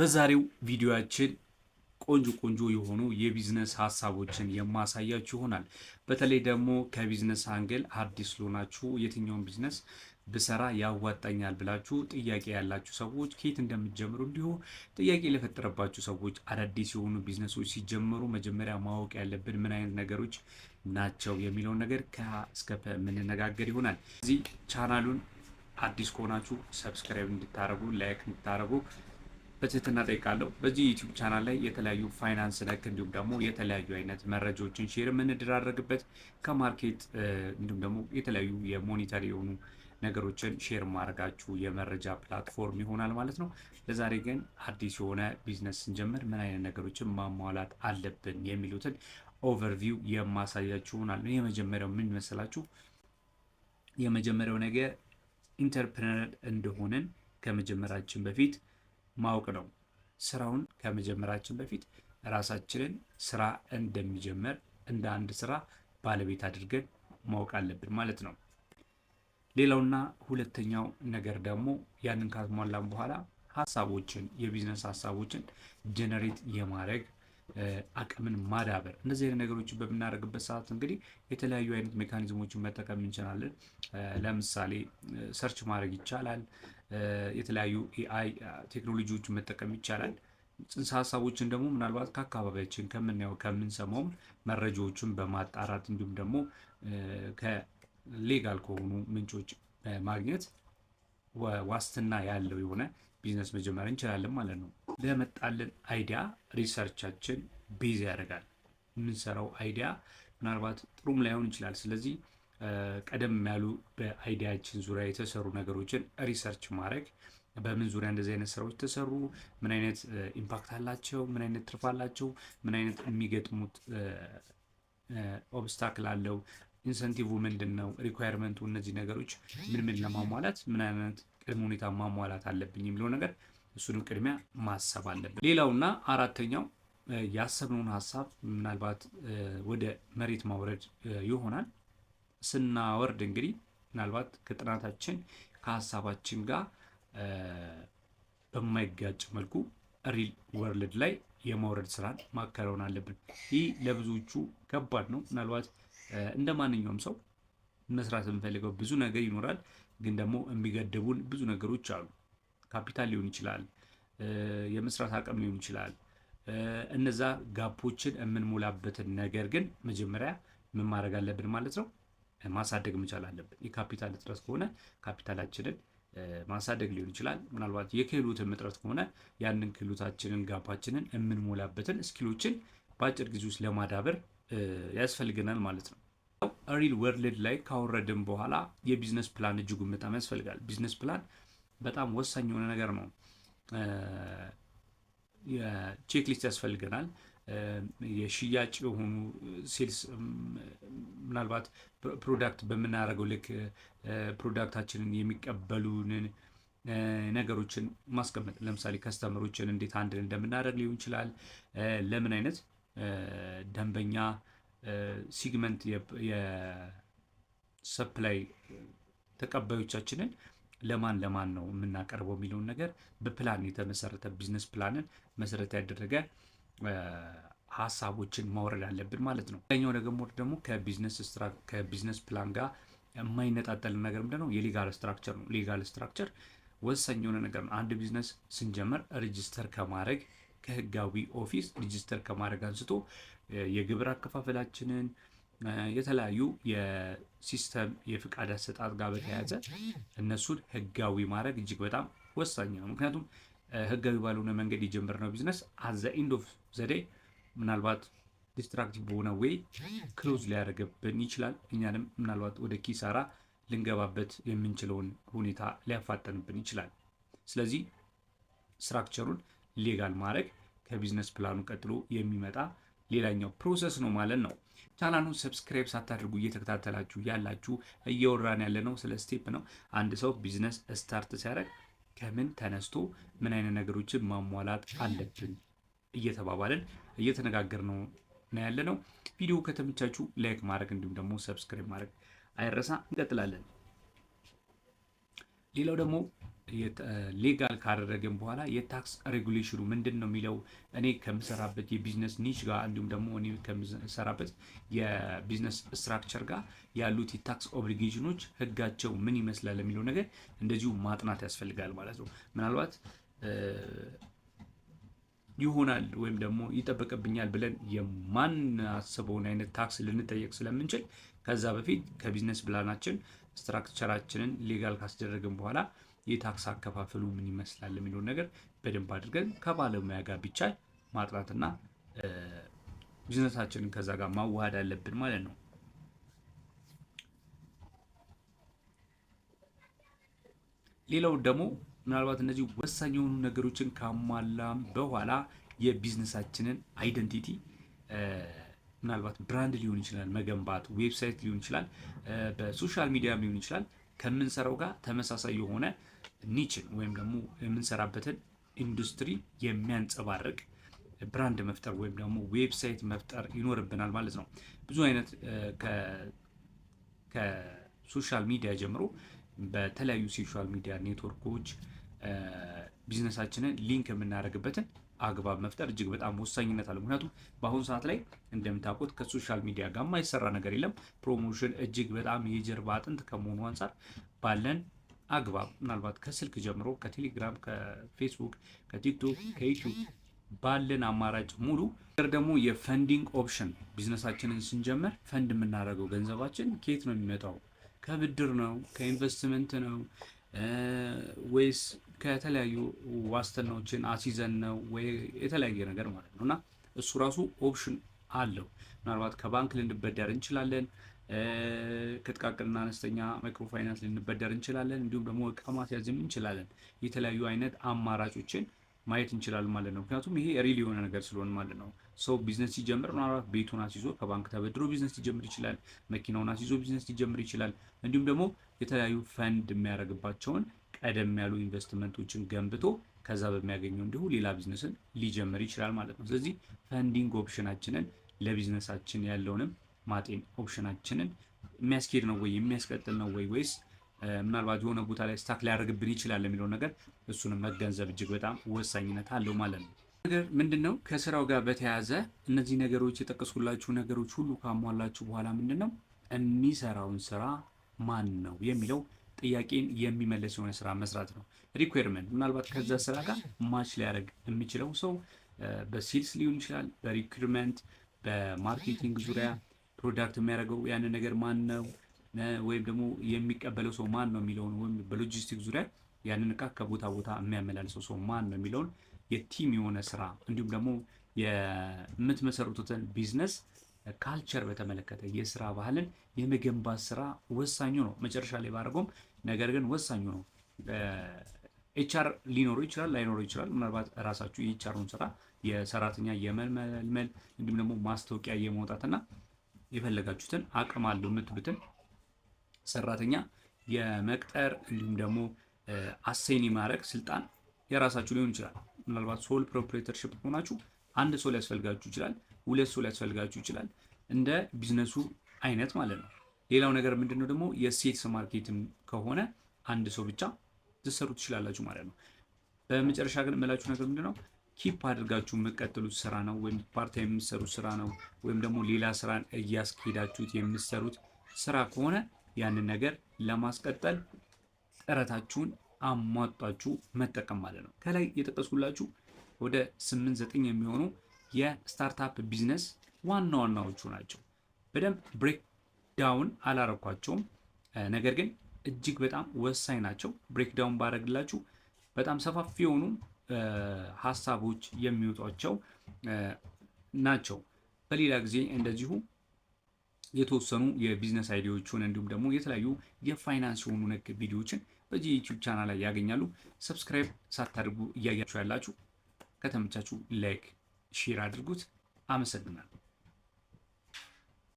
በዛሬው ቪዲዮያችን ቆንጆ ቆንጆ የሆኑ የቢዝነስ ሀሳቦችን የማሳያችሁ ይሆናል። በተለይ ደግሞ ከቢዝነስ አንግል አዲስ ለሆናችሁ የትኛውን ቢዝነስ ብሰራ ያዋጣኛል ብላችሁ ጥያቄ ያላችሁ ሰዎች ከየት እንደምትጀምሩ እንዲሁ ጥያቄ ለፈጠረባችሁ ሰዎች አዳዲስ የሆኑ ቢዝነሶች ሲጀመሩ መጀመሪያ ማወቅ ያለብን ምን አይነት ነገሮች ናቸው የሚለውን ነገር ከሀ እስከ ፐ የምንነጋገር ይሆናል። እዚህ ቻናሉን አዲስ ከሆናችሁ ሰብስክራይብ እንድታደረጉ ላይክ እንድታደረጉ በትህትና ጠይቃለሁ። በዚህ ዩቲዩብ ቻናል ላይ የተለያዩ ፋይናንስ ነክ እንዲሁም ደግሞ የተለያዩ አይነት መረጃዎችን ሼር የምንደራረግበት ከማርኬት እንዲሁም ደግሞ የተለያዩ የሞኒተር የሆኑ ነገሮችን ሼር ማድረጋችሁ የመረጃ ፕላትፎርም ይሆናል ማለት ነው። ለዛሬ ግን አዲስ የሆነ ቢዝነስ ስንጀምር ምን አይነት ነገሮችን ማሟላት አለብን የሚሉትን ኦቨርቪው የማሳያችሁ ይሆናል። የመጀመሪያው ምን ይመስላችሁ? የመጀመሪያው ነገር ኢንተርፕረነር እንደሆንን ከመጀመራችን በፊት ማወቅ ነው። ስራውን ከመጀመራችን በፊት ራሳችንን ስራ እንደሚጀመር እንደ አንድ ስራ ባለቤት አድርገን ማወቅ አለብን ማለት ነው። ሌላውና ሁለተኛው ነገር ደግሞ ያንን ካሟላን በኋላ ሀሳቦችን የቢዝነስ ሀሳቦችን ጀነሬት የማድረግ አቅምን ማዳበር እነዚህ አይነት ነገሮችን በምናደርግበት ሰዓት እንግዲህ የተለያዩ አይነት ሜካኒዝሞችን መጠቀም እንችላለን። ለምሳሌ ሰርች ማድረግ ይቻላል። የተለያዩ ኤአይ ቴክኖሎጂዎችን መጠቀም ይቻላል። ጽንሰ ሀሳቦችን ደግሞ ምናልባት ከአካባቢያችን ከምናየው ከምንሰማውም መረጃዎችን በማጣራት እንዲሁም ደግሞ ከሌጋል ከሆኑ ምንጮች ማግኘት ዋስትና ያለው የሆነ ቢዝነስ መጀመር እንችላለን ማለት ነው። ለመጣልን አይዲያ ሪሰርቻችን ቤዝ ያደርጋል። የምንሰራው አይዲያ ምናልባት ጥሩም ላይሆን ይችላል። ስለዚህ ቀደም ያሉ በአይዲያችን ዙሪያ የተሰሩ ነገሮችን ሪሰርች ማድረግ በምን ዙሪያ እንደዚህ አይነት ስራዎች ተሰሩ፣ ምን አይነት ኢምፓክት አላቸው፣ ምን አይነት ትርፍ አላቸው፣ ምን አይነት የሚገጥሙት ኦብስታክል አለው፣ ኢንሰንቲቭ ምንድን ነው፣ ሪኳየርመንቱ፣ እነዚህ ነገሮች ምን ምን ለማሟላት ምን አይነት ቅድመ ሁኔታ ማሟላት አለብኝ የሚለው ነገር እሱንም ቅድሚያ ማሰብ አለብን። ሌላውና አራተኛው ያሰብነውን ሀሳብ ምናልባት ወደ መሬት ማውረድ ይሆናል። ስናወርድ እንግዲህ ምናልባት ከጥናታችን ከሀሳባችን ጋር በማይጋጭ መልኩ ሪል ወርልድ ላይ የማውረድ ስራን ማከናወን አለብን። ይህ ለብዙዎቹ ከባድ ነው። ምናልባት እንደ ማንኛውም ሰው መስራት የምንፈልገው ብዙ ነገር ይኖራል። ግን ደግሞ የሚገድቡን ብዙ ነገሮች አሉ። ካፒታል ሊሆን ይችላል፣ የመስራት አቅም ሊሆን ይችላል። እነዛ ጋፖችን የምንሞላበትን ነገር ግን መጀመሪያ ምን ማድረግ አለብን ማለት ነው ማሳደግ መቻል አለብን። የካፒታል እጥረት ከሆነ ካፒታላችንን ማሳደግ ሊሆን ይችላል። ምናልባት የክህሎትም እጥረት ከሆነ ያንን ክህሎታችንን ጋፓችንን የምንሞላበትን ስኪሎችን በአጭር ጊዜ ውስጥ ለማዳበር ያስፈልገናል ማለት ነው። ሪል ወርልድ ላይ ካወረድን በኋላ የቢዝነስ ፕላን እጅጉን በጣም ያስፈልጋል። ቢዝነስ ፕላን በጣም ወሳኝ የሆነ ነገር ነው። ሊስት ያስፈልገናል። የሽያጭ የሆኑ ሴልስ ምናልባት ፕሮዳክት በምናደርገው ልክ ፕሮዳክታችንን የሚቀበሉንን ነገሮችን ማስቀመጥ ለምሳሌ ከስተመሮችን እንዴት አንድን እንደምናደርግ ሊሆን ይችላል። ለምን አይነት ደንበኛ ሲግመንት የሰፕላይ ተቀባዮቻችንን ለማን ለማን ነው የምናቀርበው የሚለውን ነገር በፕላን የተመሰረተ ቢዝነስ ፕላንን መሰረት ያደረገ ሀሳቦችን ማውረድ አለብን ማለት ነው። ኛው ደግሞ ደግሞ ከቢዝነስ ፕላን ጋር የማይነጣጠል ነገር ምንድን ነው? የሊጋል ስትራክቸር ነው። ሊጋል ስትራክቸር ወሳኝ የሆነ ነገር ነው። አንድ ቢዝነስ ስንጀምር ሬጅስተር ከማድረግ ከህጋዊ ኦፊስ ሬጅስተር ከማድረግ አንስቶ የግብር አከፋፈላችንን የተለያዩ የሲስተም የፍቃድ አሰጣጥ ጋር በተያያዘ እነሱን ህጋዊ ማድረግ እጅግ በጣም ወሳኝ ነው። ምክንያቱም ህጋዊ ባልሆነ መንገድ የጀመርነው ቢዝነስ አዘ ኢንድ ኦፍ ዘዴ ምናልባት ዲስትራክቲቭ በሆነ ወይ ክሎዝ ሊያደርግብን ይችላል። እኛንም ምናልባት ወደ ኪሳራ ልንገባበት የምንችለውን ሁኔታ ሊያፋጠንብን ይችላል። ስለዚህ ስትራክቸሩን ሌጋል ማድረግ ከቢዝነስ ፕላኑ ቀጥሎ የሚመጣ ሌላኛው ፕሮሰስ ነው ማለት ነው። ቻናሉን ሰብስክራይብ ሳታደርጉ እየተከታተላችሁ ያላችሁ እየወራን ያለ ነው ስለ ስቴፕ ነው። አንድ ሰው ቢዝነስ ስታርት ሲያደርግ ከምን ተነስቶ ምን አይነት ነገሮችን ማሟላት አለብን እየተባባልን እየተነጋገር ነው ነው ያለ ነው። ቪዲዮ ከተመቻችሁ ላይክ ማድረግ እንዲሁም ደግሞ ሰብስክራይብ ማድረግ አይረሳ። እንቀጥላለን። ሌላው ደግሞ ሌጋል ካደረግን በኋላ የታክስ ሬጉሌሽኑ ምንድን ነው የሚለው እኔ ከምሰራበት የቢዝነስ ኒች ጋር እንዲሁም ደግሞ እኔ ከምሰራበት የቢዝነስ ስትራክቸር ጋር ያሉት የታክስ ኦብሊጌሽኖች ህጋቸው ምን ይመስላል የሚለው ነገር እንደዚሁ ማጥናት ያስፈልጋል ማለት ነው። ምናልባት ይሆናል ወይም ደግሞ ይጠበቅብኛል ብለን የማናስበውን አይነት ታክስ ልንጠየቅ ስለምንችል ከዛ በፊት ከቢዝነስ ፕላናችን ስትራክቸራችንን ሌጋል ካስደረግን በኋላ የታክስ አከፋፈሉ ምን ይመስላል የሚለውን ነገር በደንብ አድርገን ከባለሙያ ጋር ቢቻል ማጥራትና ቢዝነሳችንን ከዛ ጋር ማዋሃድ አለብን ማለት ነው። ሌላው ደግሞ ምናልባት እነዚህ ወሳኝ የሆኑ ነገሮችን ካሟላም በኋላ የቢዝነሳችንን አይደንቲቲ ምናልባት ብራንድ ሊሆን ይችላል መገንባት፣ ዌብሳይት ሊሆን ይችላል፣ በሶሻል ሚዲያም ሊሆን ይችላል ከምንሰራው ጋር ተመሳሳይ የሆነ ኒችን ወይም ደግሞ የምንሰራበትን ኢንዱስትሪ የሚያንጸባርቅ ብራንድ መፍጠር ወይም ደግሞ ዌብሳይት መፍጠር ይኖርብናል ማለት ነው። ብዙ አይነት ከሶሻል ሚዲያ ጀምሮ በተለያዩ ሶሻል ሚዲያ ኔትወርኮች ቢዝነሳችንን ሊንክ የምናደርግበትን አግባብ መፍጠር እጅግ በጣም ወሳኝነት አለ። ምክንያቱም በአሁኑ ሰዓት ላይ እንደምታውቁት ከሶሻል ሚዲያ ጋር የማይሰራ ነገር የለም። ፕሮሞሽን እጅግ በጣም የጀርባ አጥንት ከመሆኑ አንጻር ባለን አግባብ ምናልባት ከስልክ ጀምሮ ከቴሌግራም፣ ከፌስቡክ፣ ከቲክቶክ፣ ከዩቲዩብ ባለን አማራጭ ሙሉ ነገር ደግሞ የፈንዲንግ ኦፕሽን ቢዝነሳችንን ስንጀምር ፈንድ የምናደርገው ገንዘባችን ከየት ነው የሚመጣው? ከብድር ነው? ከኢንቨስትመንት ነው ወይስ ከተለያዩ ዋስትናዎችን አስይዘን ነው ወይ የተለያየ ነገር ማለት ነው። እና እሱ ራሱ ኦፕሽን አለው። ምናልባት ከባንክ ልንበደር እንችላለን፣ ከጥቃቅንና አነስተኛ ማይክሮፋይናንስ ልንበደር እንችላለን፣ እንዲሁም ደግሞ እቃ ማስያዝም እንችላለን። የተለያዩ አይነት አማራጮችን ማየት እንችላለን ማለት ነው። ምክንያቱም ይሄ ሪል የሆነ ነገር ስለሆነ ማለት ነው። ሰው ቢዝነስ ሲጀምር ምናልባት ቤቱን አስይዞ ከባንክ ተበድሮ ቢዝነስ ሊጀምር ይችላል። መኪናውን አስይዞ ቢዝነስ ሊጀምር ይችላል። እንዲሁም ደግሞ የተለያዩ ፈንድ የሚያደርግባቸውን ቀደም ያሉ ኢንቨስትመንቶችን ገንብቶ ከዛ በሚያገኘው እንዲሁ ሌላ ቢዝነስን ሊጀምር ይችላል ማለት ነው። ስለዚህ ፈንዲንግ ኦፕሽናችንን ለቢዝነሳችን ያለውንም ማጤን ኦፕሽናችንን የሚያስኬድ ነው ወይ የሚያስቀጥል ነው ወይ ወይስ ምናልባት የሆነ ቦታ ላይ ስታክ ሊያደርግብን ይችላል የሚለውን ነገር እሱንም መገንዘብ እጅግ በጣም ወሳኝነት አለው ማለት ነው። ነገር ምንድን ነው ከስራው ጋር በተያያዘ እነዚህ ነገሮች የጠቀስኩላችሁ ነገሮች ሁሉ ካሟላችሁ በኋላ ምንድን ነው የሚሰራውን ስራ ማን ነው የሚለው ጥያቄን የሚመለስ የሆነ ስራ መስራት ነው። ሪኩርመንት ምናልባት ከዛ ስራ ጋር ማች ሊያደርግ የሚችለው ሰው በሴልስ ሊሆን ይችላል፣ በሪኩርመንት በማርኬቲንግ ዙሪያ ፕሮዳክት የሚያደርገው ያንን ነገር ማን ነው ወይም ደግሞ የሚቀበለው ሰው ማን ነው የሚለውን ወይም በሎጂስቲክ ዙሪያ ያንን እቃ ከቦታ ቦታ የሚያመላልሰው ሰው ማን ነው የሚለውን የቲም የሆነ ስራ እንዲሁም ደግሞ የምትመሰርቱትን ቢዝነስ ካልቸር በተመለከተ የስራ ባህልን የመገንባት ስራ ወሳኙ ነው። መጨረሻ ላይ ባደረገውም ነገር ግን ወሳኙ ነው። ኤችአር ሊኖረው ይችላል ላይኖረው ይችላል። ምናልባት ራሳችሁ የኤችአሩን ስራ የሰራተኛ የመመልመል እንዲሁም ደግሞ ማስታወቂያ የመውጣትና የፈለጋችሁትን አቅም አለው የምትሉትን ሰራተኛ የመቅጠር እንዲሁም ደግሞ አሴን የማድረግ ስልጣን የራሳችሁ ሊሆን ይችላል። ምናልባት ሶል ፕሮፕሬተርሽፕ ከሆናችሁ አንድ ሰው ሊያስፈልጋችሁ ይችላል፣ ሁለት ሰው ሊያስፈልጋችሁ ይችላል፣ እንደ ቢዝነሱ አይነት ማለት ነው። ሌላው ነገር ምንድን ነው ደግሞ የሴትስ ማርኬትም ከሆነ አንድ ሰው ብቻ ትሰሩ ትችላላችሁ ማለት ነው። በመጨረሻ ግን የምላችሁ ነገር ምንድን ነው ኪፕ አድርጋችሁ የምትቀጥሉት ስራ ነው ወይም ፓርታ የምትሰሩት ስራ ነው ወይም ደግሞ ሌላ ስራን እያስኬዳችሁት የምትሰሩት ስራ ከሆነ ያንን ነገር ለማስቀጠል ጥረታችሁን አሟጧችሁ መጠቀም ማለት ነው። ከላይ የጠቀስኩላችሁ ወደ 89 የሚሆኑ የስታርታፕ ቢዝነስ ዋና ዋናዎቹ ናቸው። በደንብ ብሬክ ዳውን አላረኳቸውም፣ ነገር ግን እጅግ በጣም ወሳኝ ናቸው። ብሬክ ዳውን ባረግላችሁ በጣም ሰፋፊ የሆኑ ሀሳቦች የሚወጧቸው ናቸው። በሌላ ጊዜ እንደዚሁ የተወሰኑ የቢዝነስ አይዲዎችን እንዲሁም ደግሞ የተለያዩ የፋይናንስ የሆኑ ነክ ቪዲዮዎችን በዚህ ዩቲዩብ ቻናል ላይ ያገኛሉ። ሰብስክራይብ ሳታደርጉ እያያችሁ ያላችሁ ከተመቻችሁ ላይክ ሼር አድርጉት። አመሰግናለሁ።